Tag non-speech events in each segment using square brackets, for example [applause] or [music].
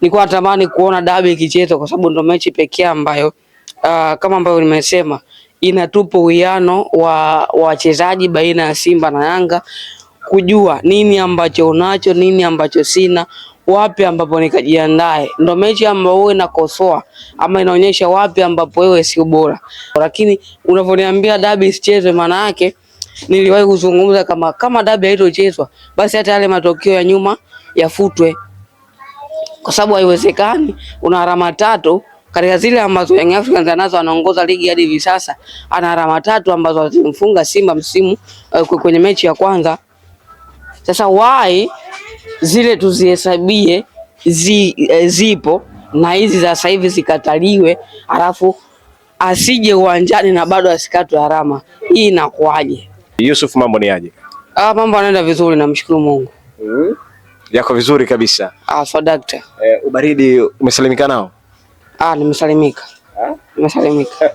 nilikuwa natamani kuona dabi ikichezwa kwa sababu ndo mechi pekee ambayo uh, kama ambavyo nimesema inatupa uwiano wa wachezaji baina ya Simba na Yanga kujua nini ambacho unacho, nini ambacho sina, wapi ambapo nikajiandae. Ndo mechi ambayo wewe nakosoa ama inaonyesha wapi ambapo wewe si bora. Lakini unavyoniambia dabi isichezwe, maana yake niliwahi kuzungumza kama kama dabi haitochezwa, basi hata yale matokeo ya nyuma yafutwe kwa sababu haiwezekani una alama tatu katika zile ambazo Young Africans anazo anaongoza ligi hadi hivi sasa, ana alama tatu ambazo azimfunga Simba msimu uh, kwenye mechi ya kwanza. Sasa why zile tuzihesabie zi, uh, zipo na hizi za sasa hivi zikataliwe, alafu asije uwanjani na bado asikatwe alama. Hii inakuaje? Yusuf, mambo ni aje? Ah, mambo anaenda vizuri, namshukuru Mungu mm. Yako vizuri kabisa. Ah, sawa daktari. Eh, ubaridi umesalimika nao? Ah, nimesalimika.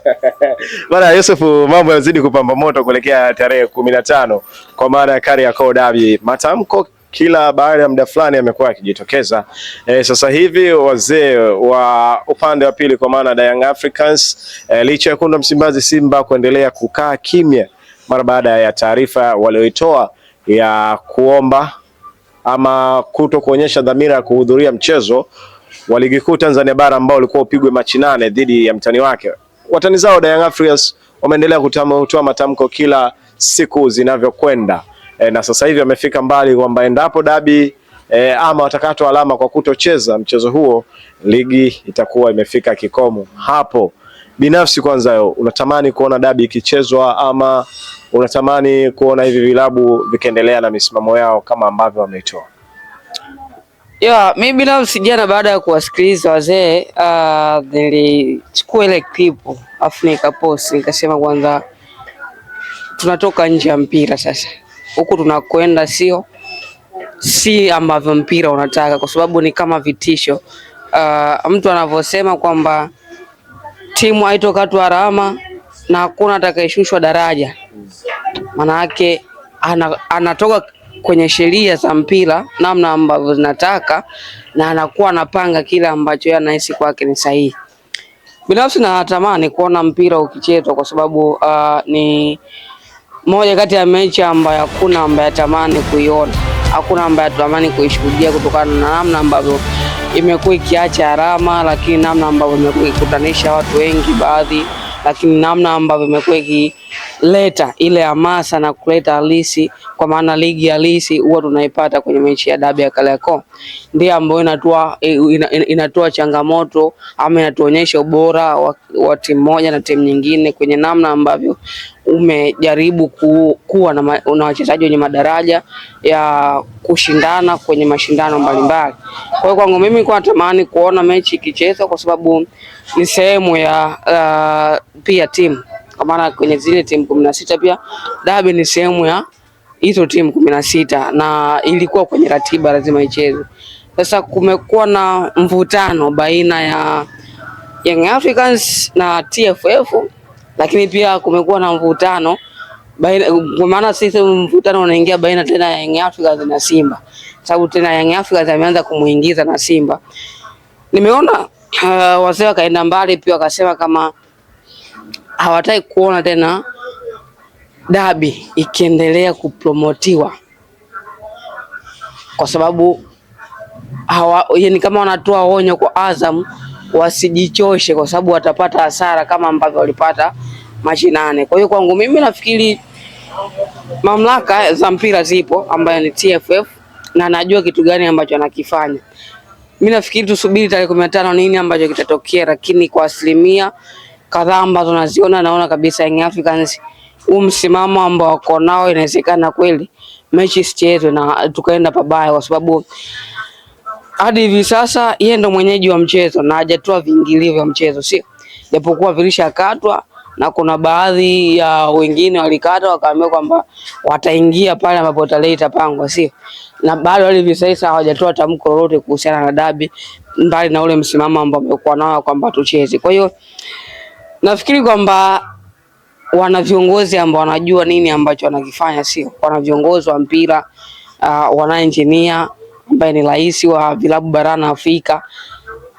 [laughs] Bwana Yusuf, mambo yanazidi kupamba moto kuelekea tarehe kumi na tano kwa maana ya Kariakoo Derby. Matamko kila baada ya muda fulani amekuwa akijitokeza. E, eh, sasa hivi wazee wa upande wa pili kwa maana ya Young Africans e, licha ya kundwa Msimbazi Simba kuendelea kukaa kimya mara baada ya taarifa walioitoa ya kuomba ama kuto kuonyesha dhamira ya kuhudhuria mchezo wa ligi kuu Tanzania bara ambao ulikuwa upigwe Machi nane dhidi ya mtani wake. Watani zao Young Africans wameendelea kutoa matamko kila siku zinavyokwenda, e, na sasa hivi wamefika mbali kwamba endapo dabi e, ama watakatwa alama kwa kutocheza mchezo huo, ligi itakuwa imefika kikomo hapo binafsi kwanza unatamani kuona dabi ikichezwa ama unatamani kuona hivi vilabu vikiendelea na misimamo yao kama ambavyo wameitoa? Yeah, mi binafsi jana baada ya kuwasikiliza wazee uh, nilichukua ile clip afu nikapost nikasema, kwanza tunatoka nje ya mpira sasa. Huku tunakwenda sio si ambavyo mpira unataka, kwa sababu ni kama vitisho uh, mtu anavyosema kwamba timu haitokatwa alama na hakuna atakayeshushwa daraja, manake ana, anatoka kwenye sheria za mpira namna ambavyo zinataka na anakuwa anapanga kile ambacho yeye anahisi kwake ni sahihi. Binafsi natamani kuona mpira ukichezwa kwa sababu uh, ni moja kati ya mechi ambayo hakuna ambaye atamani kuiona, hakuna ambaye atamani kuishuhudia kutokana na namna ambavyo imekuwa ikiacha alama, lakini namna ambavyo imekuwa ikikutanisha watu wengi baadhi, lakini namna ambavyo imekuwa ikileta ile hamasa na kuleta halisi, kwa maana ligi halisi huwa tunaipata kwenye mechi ya dabi ya Kariakoo, ndio ambayo inatoa inatoa changamoto ama inatuonyesha ubora wa, wa timu moja na timu nyingine kwenye namna ambavyo umejaribu ku, kuwa na, na wachezaji wenye madaraja ya kushindana kwenye mashindano mbalimbali. Kwa hiyo kwangu mimi kwa natamani kuona mechi ikichezwa kwa sababu ni sehemu ya uh, pia timu kwa maana kwenye zile timu kumi na sita pia dabi ni sehemu ya hizo timu kumi na sita na ilikuwa kwenye ratiba lazima ichezwe. Sasa kumekuwa na mvutano baina ya Young Africans na TFF lakini pia kumekuwa na mvutano baina, kwa maana sisi mvutano unaingia baina tena ya Young Africans na Simba, sababu tena Young Africans ameanza kumuingiza na Simba. Nimeona uh, wazee wakaenda mbali pia wakasema kama hawataki kuona tena dabi ikiendelea kupromotiwa kwa sababu hawa, yani kama wanatoa onyo kwa Azam wasijichoshe, kwa sababu watapata hasara kama ambavyo walipata nane. Kwa hiyo kwangu mimi nafikiri mamlaka za mpira zipo ambayo ni TFF na najua kitu gani ambacho anakifanya. Mimi nafikiri tusubiri tarehe 15 nini ambacho kitatokea, lakini kwa asilimia kadhaa ambazo naziona, naona kabisa Young Africans huu msimamo ambao wako nao, inawezekana kweli mechi sichezwe na tukaenda pabaya, kwa sababu hadi hivi sasa yeye ndo mwenyeji wa mchezo na hajatoa viingilio vya mchezo, sio japokuwa vilishakatwa na kuna baadhi ya wengine walikata wakaambia kwamba wataingia pale ambapo tarehe itapangwa, sio na bado wale visaisa hawajatoa tamko lolote kuhusiana na dabi, mbali na ule msimamo ambao wamekuwa nao kwamba tucheze. Kwa hiyo nafikiri kwamba wana viongozi ambao wanajua nini ambacho wanakifanya, sio wana viongozi wa mpira uh, ah, wana engineer ambaye ni rais wa vilabu barani Afrika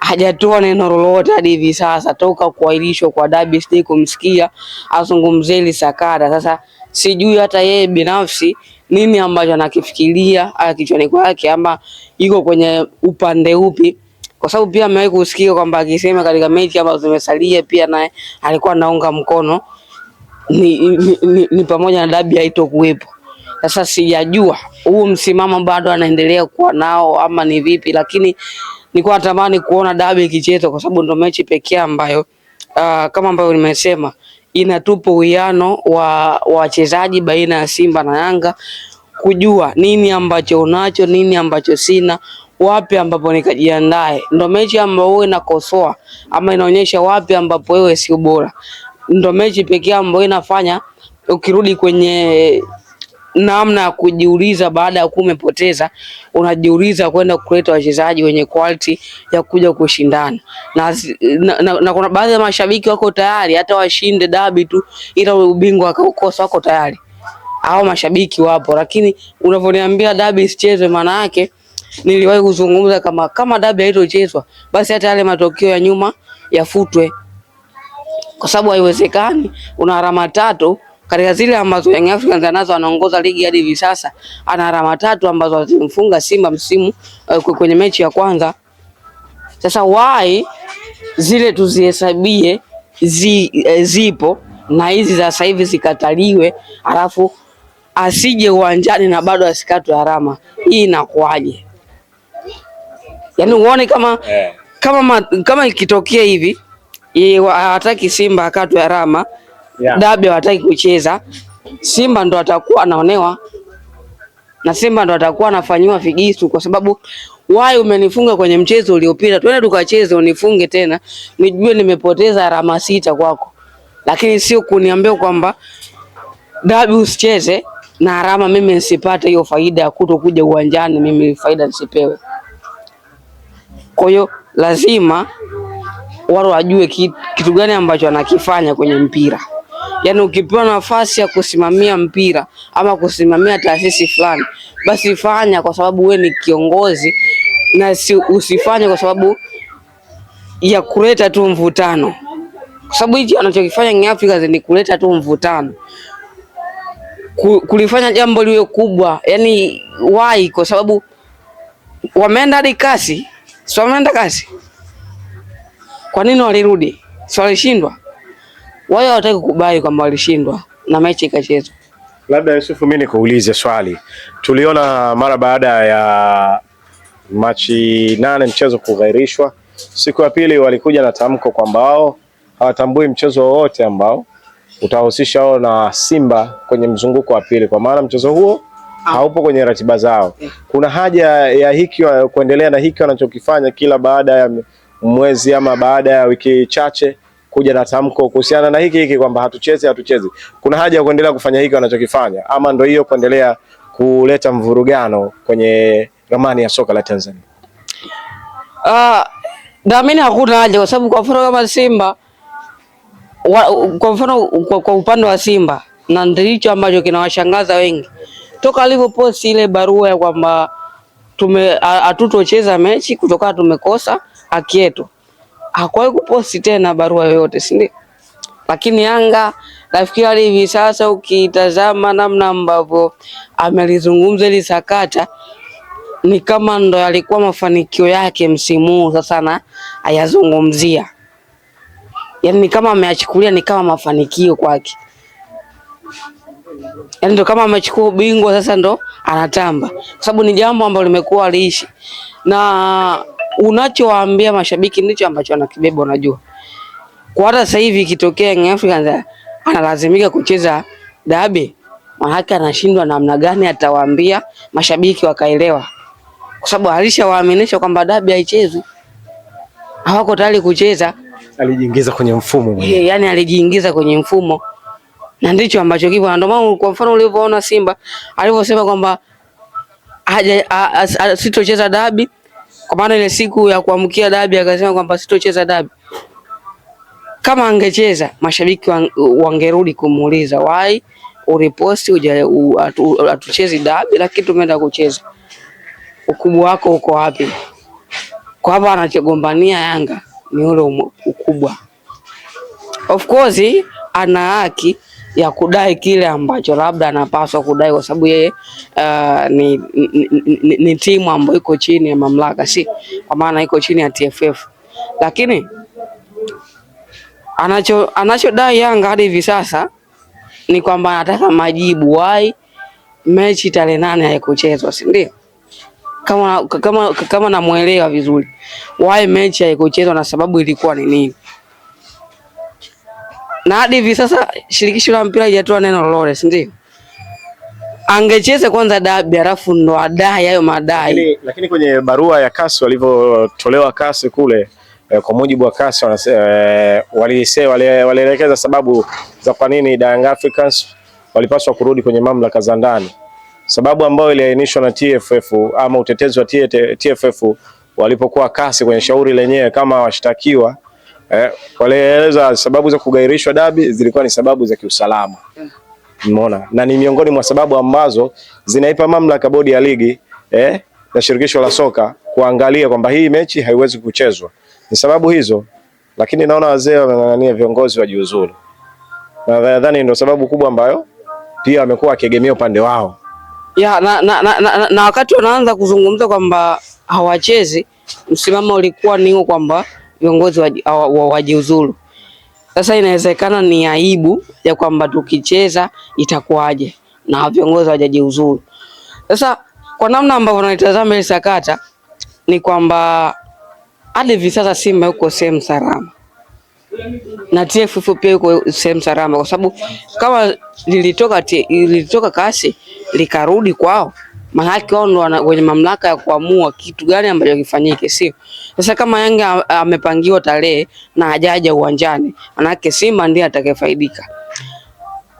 hajatoa neno lolote hadi hivi sasa toka kuahirishwa kwa dabi, sijai kumsikia azungumzie hili sakata. Sasa sijui hata yeye binafsi nini ambacho anakifikiria kichwani kwake, ama iko kwenye upande upi, kwa sababu pia amewahi kusikia kwamba akisema katika mechi ambazo zimesalia pia naye alikuwa anaunga mkono ni, ni, ni, ni pamoja na dabi haitokuwepo. Sasa sijajua huu msimamo bado anaendelea kuwa nao ama ni vipi, lakini nilikuwa natamani kuona dabi ikichezwa kwa sababu ndo mechi pekee ambayo uh, kama ambayo nimesema inatupa uwiano wa wachezaji baina ya Simba na Yanga kujua nini ambacho unacho, nini ambacho sina, wapi ambapo nikajiandae. Ndo mechi ambayo wewe inakosoa ama inaonyesha wapi ambapo wewe sio bora. Ndo mechi pekee ambayo inafanya ukirudi kwenye namna ya kujiuliza baada ya kuwa umepoteza, unajiuliza kwenda kuleta wachezaji wenye quality ya kuja kushindana na, na, na, na kuna baadhi ya mashabiki wako tayari hata washinde dabi tu, ila ubingwa akaukosa, wako tayari hao mashabiki wapo, lakini unavyoniambia dabi isichezwe, maana yake niliwahi kuzungumza kama kama dabi haitochezwa basi hata yale matokeo ya nyuma yafutwe, kwa sababu haiwezekani una alama tatu katika zile ambazo Young Africans anazo anaongoza ligi hadi hivi sasa, ana alama tatu ambazo azimfunga Simba msimu uh, kwenye mechi ya kwanza. Sasa why zile tuzihesabie zi, eh, zipo na hizi za sasa hivi zikataliwe, alafu asije uwanjani na bado asikatwe alama. Hii inakuaje? Yaani uone kama eh. kama kama ikitokea hivi eh, hataki Simba akatwe alama yeah. Dabi hawataki kucheza, Simba ndo atakuwa anaonewa na Simba ndo atakuwa anafanyiwa figisu, kwa sababu wai umenifunga kwenye mchezo uliopita, twende tukacheze unifunge tena, nijue nimepoteza alama sita kwako, lakini sio kuniambia kwamba dabi usicheze na alama mimi nisipate hiyo faida ya kuto kuja uwanjani, mimi faida nisipewe. Kwa hiyo lazima watu wajue kitu gani ambacho anakifanya kwenye mpira. Yaani ukipewa nafasi ya kusimamia mpira ama kusimamia taasisi fulani, basi fanya kwa sababu we ni kiongozi na si, usifanye kwa sababu ya kuleta tu mvutano, kwa sababu hichi anachokifanya ni Africans ni kuleta tu mvutano, kulifanya jambo liwe kubwa. Yani wai, kwa sababu wameenda hadi kasi, si wameenda kasi? Kwa nini walirudi? Si walishindwa? wao hawataki kukubali kwamba walishindwa na mechi ikachezwa. Labda Yusufu, mimi nikuulize swali. Tuliona mara baada ya Machi nane mchezo kughairishwa, siku ya pili walikuja na tamko kwamba wao hawatambui mchezo wowote ambao utawahusisha wao na Simba kwenye mzunguko wa pili, kwa maana mchezo huo ah. haupo kwenye ratiba zao. Eh. Kuna haja ya hiki kuendelea na hiki wanachokifanya kila baada ya mwezi ama baada ya wiki chache kuja na tamko kuhusiana na hiki hiki kwamba hatuchezi hatuchezi. Kuna haja ya kuendelea kufanya hiki wanachokifanya, ama ndio hiyo kuendelea kuleta mvurugano kwenye ramani ya soka la Tanzania? Uh, naamini hakuna haja kwa sababu kwa mfano kama Simba wa, kwa mfano kwa, kwa upande wa Simba na ndicho ambacho kinawashangaza wengi toka alivyoposti ile barua ya kwamba hatutocheza mechi kutokana tumekosa haki yetu hakuwahi kuposti tena barua yoyote, si ndio? Lakini Yanga nafikiri hadi hivi sasa ukitazama namna ambavyo amelizungumza ili sakata ni kama ndo yalikuwa mafanikio yake msimu huu sasa, na ayazungumzia yani ni kama ameachukulia ni kama mafanikio kwake, yani ndo kama amechukua ubingwa sasa, ndo anatamba, kwa sababu ni jambo ambalo limekuwa liishi na unachowaambia mashabiki ndicho ambacho anakibeba. Unajua, kwa hata sasa hivi ikitokea Young Africans analazimika kucheza dabi, maanake anashindwa namna gani atawaambia mashabiki wakaelewa, kwa sababu alishawaaminisha kwamba dabi haichezwi, hawako tayari kucheza. Alijiingiza kwenye mfumo yeah, eh, yani alijiingiza kwenye mfumo na ndicho ambacho kipo. Ndio maana kwa mfano ulivyoona Simba alivyosema kwamba sitocheza dabi kwa maana ile siku ya kuamkia dabi akasema kwamba sitocheza dabi. Kama angecheza mashabiki wangerudi kumuuliza why uliposti uja hatuchezi dabi, lakini tumeenda kucheza, ukubwa wako uko wapi? Kwa hapa anachogombania Yanga ni ule ukubwa, of course ana haki ya kudai kile ambacho labda anapaswa kudai, kwa sababu yeye uh, ni, ni, ni, ni timu ambayo iko chini ya mamlaka, si kwa maana iko chini ya TFF, lakini anacho anachodai Yanga hadi hivi sasa ni kwamba anataka majibu wai mechi tarehe nane haikuchezwa, si ndio? Kama kama kama namwelewa vizuri, wai mechi haikuchezwa na sababu ilikuwa ni nini? na hadi hivi sasa shirikisho la mpira haijatoa neno lolote, si ndio? Angecheze kwanza dabi, halafu ndo adai hayo madai. Lakini, lakini kwenye barua ya kasi walivyotolewa kasi kule eh, kwa mujibu wa kasi eh, walielekeza sababu za kwa nini Young Africans walipaswa kurudi kwenye mamlaka za ndani, sababu ambayo iliainishwa na TFF ama utetezi wa TFF walipokuwa kasi kwenye shauri lenyewe kama washtakiwa Eh, walieleza sababu za kugairishwa dabi zilikuwa ni sababu za kiusalama. Umeona? Na ni miongoni mwa sababu ambazo zinaipa mamlaka bodi ya ligi eh, na shirikisho la soka kuangalia kwamba hii mechi haiwezi kuchezwa. Ni sababu hizo, lakini naona wazee wameng'ang'ania viongozi wajiuzuru. Na nadhani ndio sababu kubwa ambayo pia wamekuwa wakiegemea upande wao. Ya, na, na, na, na, na wakati wanaanza kuzungumza kwamba hawachezi, msimamo ulikuwa ni kwamba viongozi wajiuzulu. Sasa inawezekana ni aibu ya kwamba tukicheza itakuwaje na viongozi wajajiuzulu. Sasa kwa namna ambavyo naitazama ile sakata ni kwamba hadi hivi sasa Simba yuko sehemu salama na TFF pia yuko sehemu salama, kwa sababu kama lilitoka, lilitoka kasi likarudi kwao Maanake wao ndo wenye mamlaka ya kuamua kitu gani ambacho kifanyike, sio? Sasa kama Yanga amepangiwa tarehe na hajaja uwanjani, maanake Simba ndiye atakayefaidika.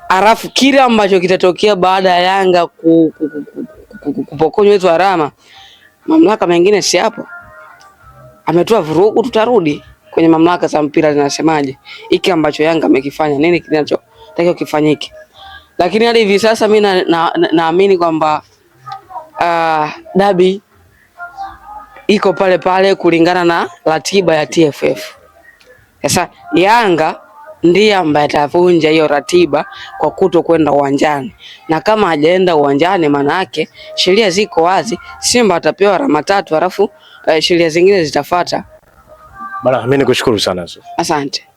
Alafu kile ambacho kitatokea baada ya Yanga kupokonywa hizo alama, mamlaka mengine si hapo, ametoa vurugu, tutarudi kwenye mamlaka za mpira zinasemaje, hiki ambacho Yanga amekifanya, nini kinachotakiwa kifanyike. Lakini hadi hivi sasa mimi naamini na, na, na kwamba uh, ah, dabi iko pale pale kulingana na ratiba ya TFF. Sasa Yanga ndiye ambaye atavunja hiyo ratiba kwa kuto kwenda uwanjani, na kama hajaenda uwanjani, maana yake sheria ziko wazi, Simba atapewa alama tatu, halafu uh, eh, sheria zingine zitafata. Bana, mimi nikushukuru sana. Asante.